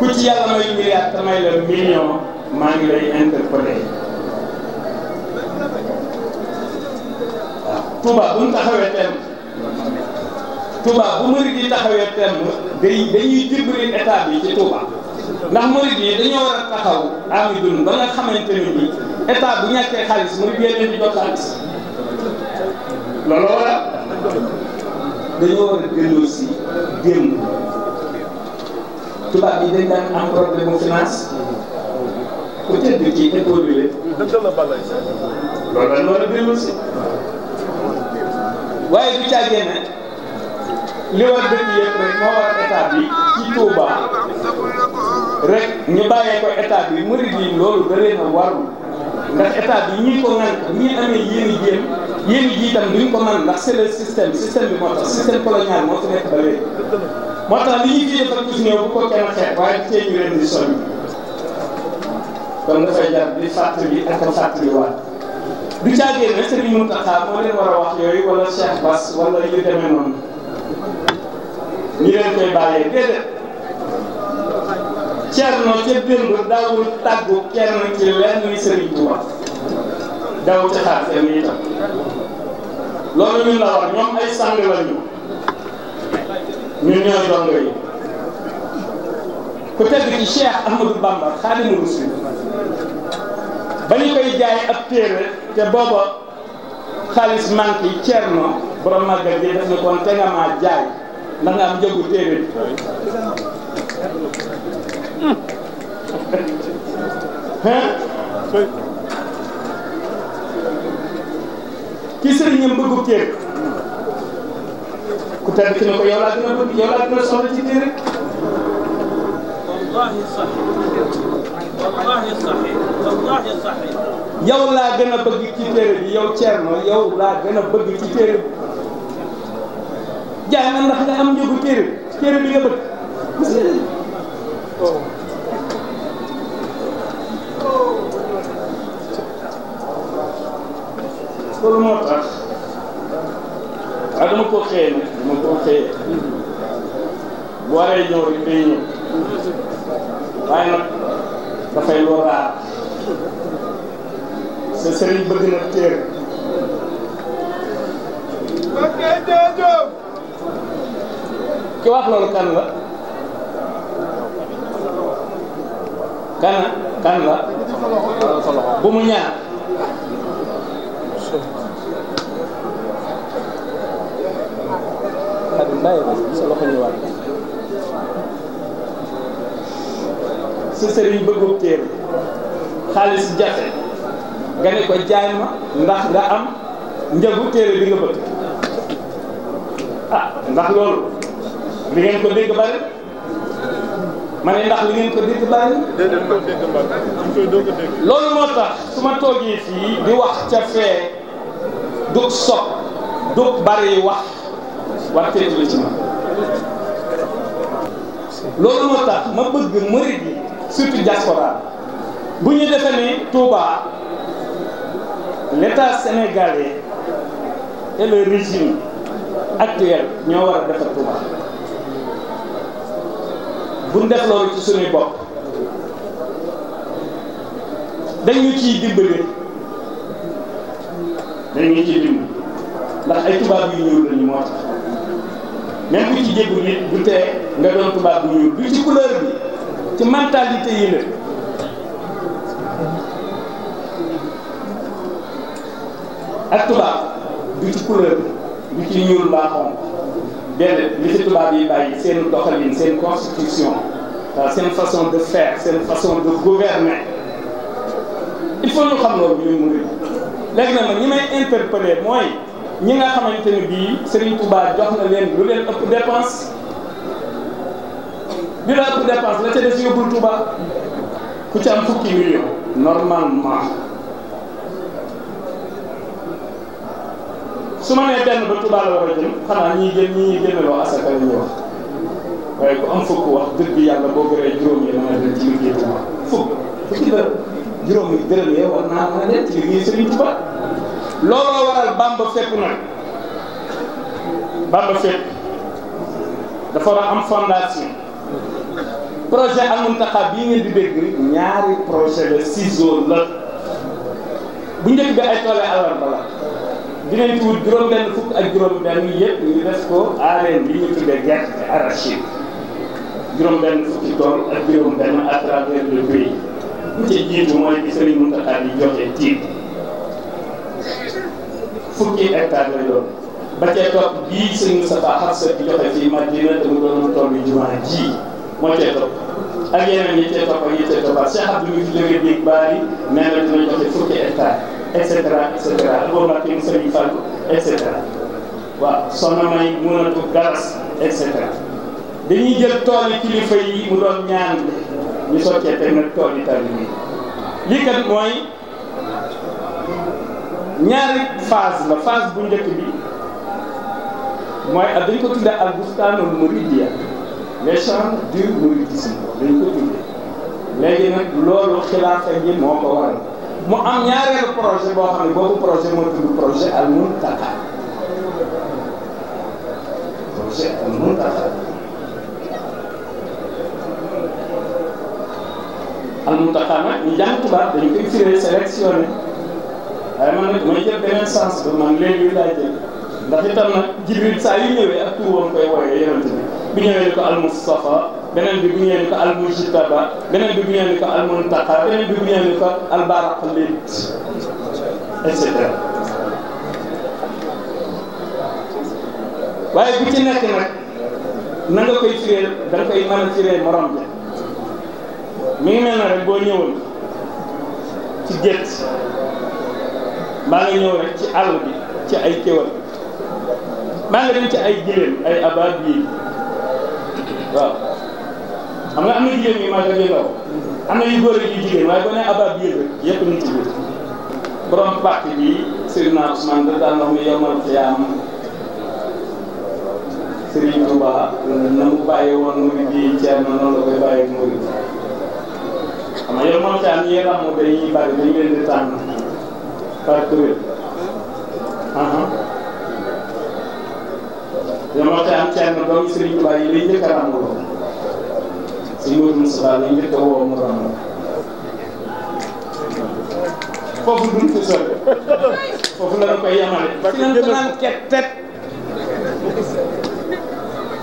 ku ci yàlla may milliard te la million maa ngi lay interpellé waaw Touba bu mu taxawee temb Touba bu murid yi taxawee temb day dañuy dimbali état bi ci Touba ndax murid yi dañoo war a taxaw ami dund ba nga xamante ni bi état bu ñàkkee xaalis mu génne di jot xaalis looloo war a dañoo war a tubaab yi dañ daan am problème mu finance ku tëdd kii économie leen. loolu la loolu bëriwul si. waaye du caagee ne li war dëkk yëpp rek moo war état bi ci Touba rek ñu bàyyee ko état bi murid yi loolu da leen a warul ndax état bi ñi ko ngan bu ñu amee yéen i jéem yéen i jiitam duñ ko man ndax c'est le système système bi moo tax système colonial moo fi nekk ba moo tax li ñuy fii def ak gis bu ko kenn xeet waaye tey ñu leen di soññ kon dafay jar di fàttali ak a fàttaliwaat du caagee ne Serigne Mountakha moo leen war a wax yooyu wala Cheikh Bass wala yu demee noonu ñu leen koy bàyyee déedéet Thierno ca démb daawul tàggu kenn ci lenn Serigne Touba daaw ca xaar kenn itam loolu ñun la war ay sang la ñu. ñu ñooy dongo yi ku tedd ci Cheikh Ahmadou Bamba Xaadimu Rasuul ba ñu koy jaay ab téere te booba xaalis manque yi Cerno borom màggal ji def na kon te nga maa jaay ndax nga am njëgu téere bi ki sëriñam bëggu téere ku tedd ki ne ko laa gën a bëgg yow laa gën a soxla ci téere wallahi sahih wallahi sahih wallahi laa gën a bëgg ci téere bi yow Thierno yow laa gën a bëgg ci téere bi jaay na ndax nga am njëgu téere bi téere bi nga bëgg ah, ko xëy xëyee bu waree ñëw rek waaye nag dafay loo raar sa sëriñ bëgg na téer ki wax loolu kan la kan la bu mu ñaar bàyyi ko ci sa loxo ñu war sa sëriñ bëggub téere xaalis jafe nga ne ko jaay ma ndax nga am njëgu téere bi nga bëgg ah ndax loolu li ngeen ko dégg bari ma ndax li ngeen ko dégg bari loolu moo tax su ma toogee fii di wax ca fee du sob du bari wax wàcceeku la ci man loolu moo tax ma bëgg murid yi surtout diaspora bu ñu defee ne Touba l'état sénégalais et le régime actuel ñoo war a defar Touba buñ def loolu ci suñuy bopp dañu ciy dimbali dañu ciy dimbali ndax ay tubaab yu ñëw lañu moo tax même bu ci jégul nit du tee nga doon tubaab bu ñuul du ci couleur bi ci mentalité yi la ak tubaab du ci couleur bi du ci ñuul mbaa xonq déedéet li ci tubaab yi bàyyi seen doxalin seen constitution waaw seen façon de faire seen fason de gouverner il faut ñu xam loolu ñun murid léegi nag ñi may interpeller mooy ñi nga xamante ne bii Serigne Touba jox na leen lu leen ëpp dépense bi la ëpp dépense la ca des ku ci am fukki million normalement su ma nee benn ba Touba la war a jëm xanaa ñii gën ñii génn loo asaka la ñuy wax waaye ku am fukk wax dëgg yàlla boo gëree juróom yi mën a juróom yee war naa mën a dem ci liggéey Serigne Touba looloo waral bamba fépp nag bamba fépp dafa war a am fondation projet Al Mountakha bii ngeen di dégg ñaari projet la ciseau la bu njëkk bi ay toole àllarba la dinañ ci wut juróom-benn fukk ak juróom-benn yëpp ñu def ko aareen bi ñu tuddee gerte arachide juróom-benn fukki tool ak juróom-benn à travers le pays bu ci jiitu mooy bi Serigne Mountakha di joxe tiit. fukki hectare lay doon ba cee topp bii sëñ Moustapha Xarsa di joxe ci Madina te mu doon tool bi jumaa ji moo cee topp yeneen yi cee topp ak yi cee toppaat Cheikh Abdou mi fi jógee dégg baari nee na dina joxe et cetera waaw soxna may mënatu et cetera dañuy jël tooli kilifa yi mu doon ñaan ñu soccee teg nag tool yi tànn bi lii kat mooy. ñaari phase la phase bu njëkk bi mooy ak dañ ko tuddee al bustaanul muridiya les chambres du mouridisme dañ ko tuddee léegi nag loolu xilaafa yi moo ko waral mu am ñaareelu projet boo xam ne boobu projet moo tudd projet al muntaka projet al muntaka al muntaka nag ñu jàng tubaab dañ koy firé waaye man nag may jël beneen ba man léegi laay jël ndax itam nag jibril saa yu ñëwee ak tuuram koy wooyee yonent bi bu ñëwee ni ko almustafa beneen bi bu ñëwee ni ko almujtaba beneen bi bu bu ñëwee ni ko albaraq lit et cetera waaye bu ci nekk nag na koy firee da nga koy mën a firee morom ja mi na rek boo ñëwoon ci gétt maa ngi ñëw ci àll bi ci ay kéwal maa ngi dem ci ay jigéen ay abaab yi waaw xam nga am na jigéen ñi maa ngi leen am na yu góor yi yu jigéen waaye boo nee abaab yi rek yëpp ñu ci biir borom pàcc bi Seydina Ousmane da daan wax ne yomal xiyaam Serigne Touba na mu bàyyi woon murid bi Thierno noonu la koy bàyyi murid xam nga yomal xiyaam ñi nga xam ne dañuy bari dañu leen di tànn. par kuréel dañoo te am kenn doomu Serigne Touba yi lay njëkk a ràmbaloo si Modou Moustapha lay njëkk a woo mu ràmbaloo foofu duñ ko sori foofu la ñu koy yemale ci lañ ko naan ket tet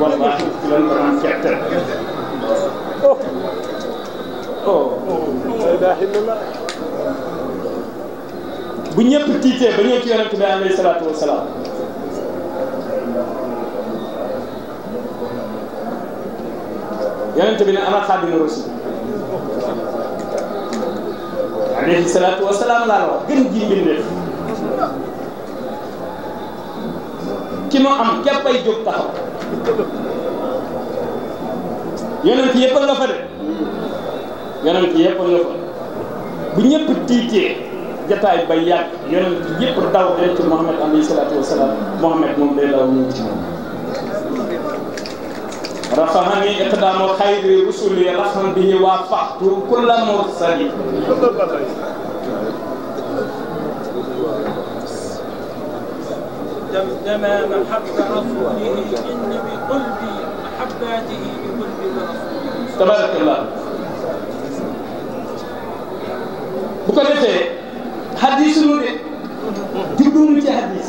wallaahi ci lañ ko naan ket tet oh oh bu ñëpp tiitee ba ñëw ci yonent bi alayhi salaatu wasalaam yonent bi ne ana xaadimu rasul alayhi salaatu wasalaam laa la gën ji mbindeef ki nu am képp ay jóg taxaw yonent yëpp a nga fa de yonent yëpp a nga fa bu ñëpp tiitee jataay ba yàgg yonent yëpp daw rek ci Mouhamed alayhi salaatu wa salaam Mouhamed moom day daw ñëw ci moom rafahani iqdaamu xayri rusuli rafan bihi waafaqtu kulla mursali دمدما محب رسوله إن بقلبي محباته بقلبي ورسوله تبارك الله bu ko defee xadis sunu de judduwul ci xadis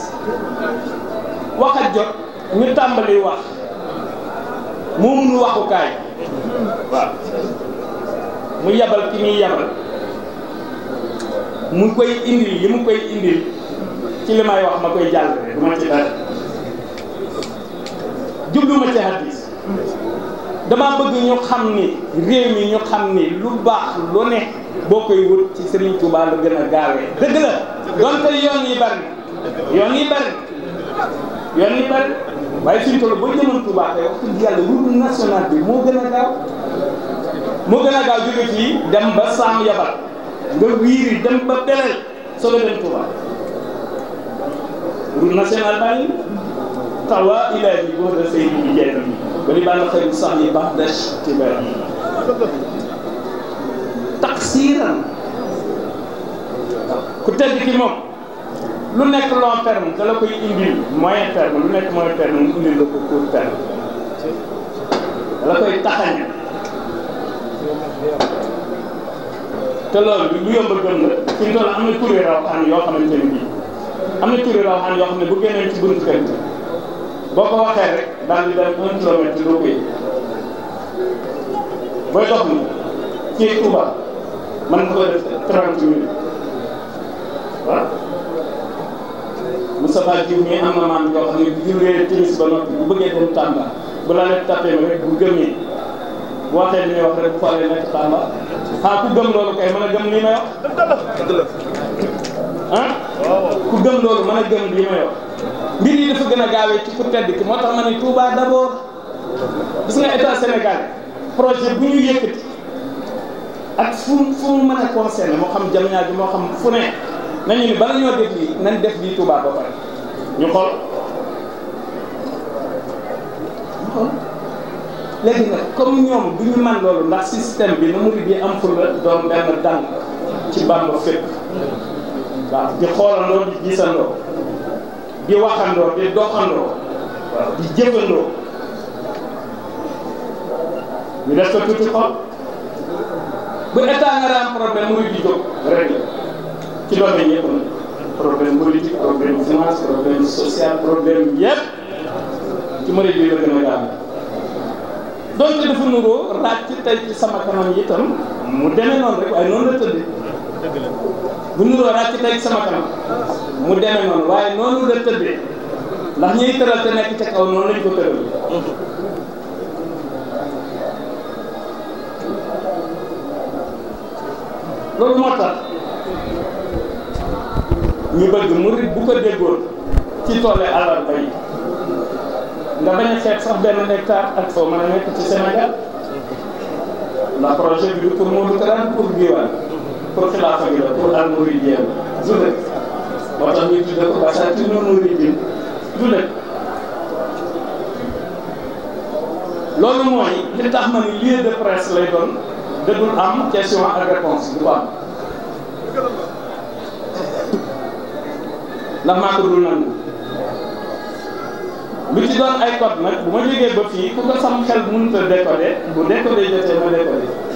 waxat jot ñu tàmbali wax moo mënu waxukaay mu yabal ki muy yabal mu koy indil li mu koy indil ci li may wax ma koy jàll du ma ci dara jubluma bëgg ñu xam ni réew mi ñu xam ni lu baax lu ne boo koy wut ci Serigne la gën a gaawee dëgg la donte yoon yi bari yoon bari yoon yi bari boo jëloon Touba tey wax dëgg yàlla route nationale moo gën a gaaw moo gën a gaaw jóge fii dem ba Saam Yabal nga wiiri dem ba Belel soo dem Touba route nationale baa ngi tawa ilaahi boo da sëy bi jeex ba li baa nga xëy bu sax yi baax des ci bari tafsiran ku tedd ki moom lu nekk long terme la koy indil moyen terme lu nekk moyen terme mu indil la ko court terme da la koy taxañ te loolu lu yomb a am na turi rawxaan yoo xamante ne bii am na turi rawxaan yoo xam ne bu génnee ci buntu kër gi boo ko waxee rek daal di dem un ni ci Touba man nga koy def 30 minutes waaw Moustapha Diouf mii am na maam yoo xam ne bu jullee timis ba noppi bu bëggee dem Tamba bu la nekk tapé ma rek bu gëmee bu waxee li wax rek bu xoolee nekk Tamba ah ku gëm loolu kay mën a gëm li may wax. ku gëm loolu mën a gëm li may wax mbir yi dafa gën a gaawee ci ku tedd ki moo tax ma ne Touba d'abord gis nga état Sénégal projet bu ñu yëkkati. ak fu fu mu mën moo xam jamono bi moo xam fu ne nañu ni bala ñoo def lii nañ def lii Touba ba pare ñu xool ñu xool léegi nag comme ñoom du ñu man loolu ndax système bi nu murid yi am fur la doon benn dànk ci Bàmba fépp waaw di xoolandoo di gisandoo di waxandoo di doxandoo waaw di jëfandoo ñu def ko tuuti xool bu état nga am problème muy di jóg réglé ci domaine yëpp problème politique problème finance problème social problème yëpp ci murid bi la gën a gaaw donc dafa nuroo laaj ci tey ci sama kanam mu demee noonu rek waaye noonu la tëddee bu nuroo laaj ci tey ci sama kanam mu demee noonu waaye noonu la tëddee ndax ñuy tëral te nekk ca kaw noonu lañ ko tëral loolu moo tax ñu bëgg murit bu ko déggoon ci toole àllarba yi nga bañ a sax benn hectare ak foo mën a nekk ci Sénégal ndax projet bi du pour Modou Karane pour Diwane pour xilaafa gi la pour al mouridiyeen du nekk moo tax ñuy du nekk loolu mooy li tax ma ni de presse lay doon dëddul am question ak réponse du ko am ndax maa ko dul nangu lu ci doon ay code nag bu ma jógee ba fii ku ko sam xel mënut a décoder bu décoder jotee ma décoder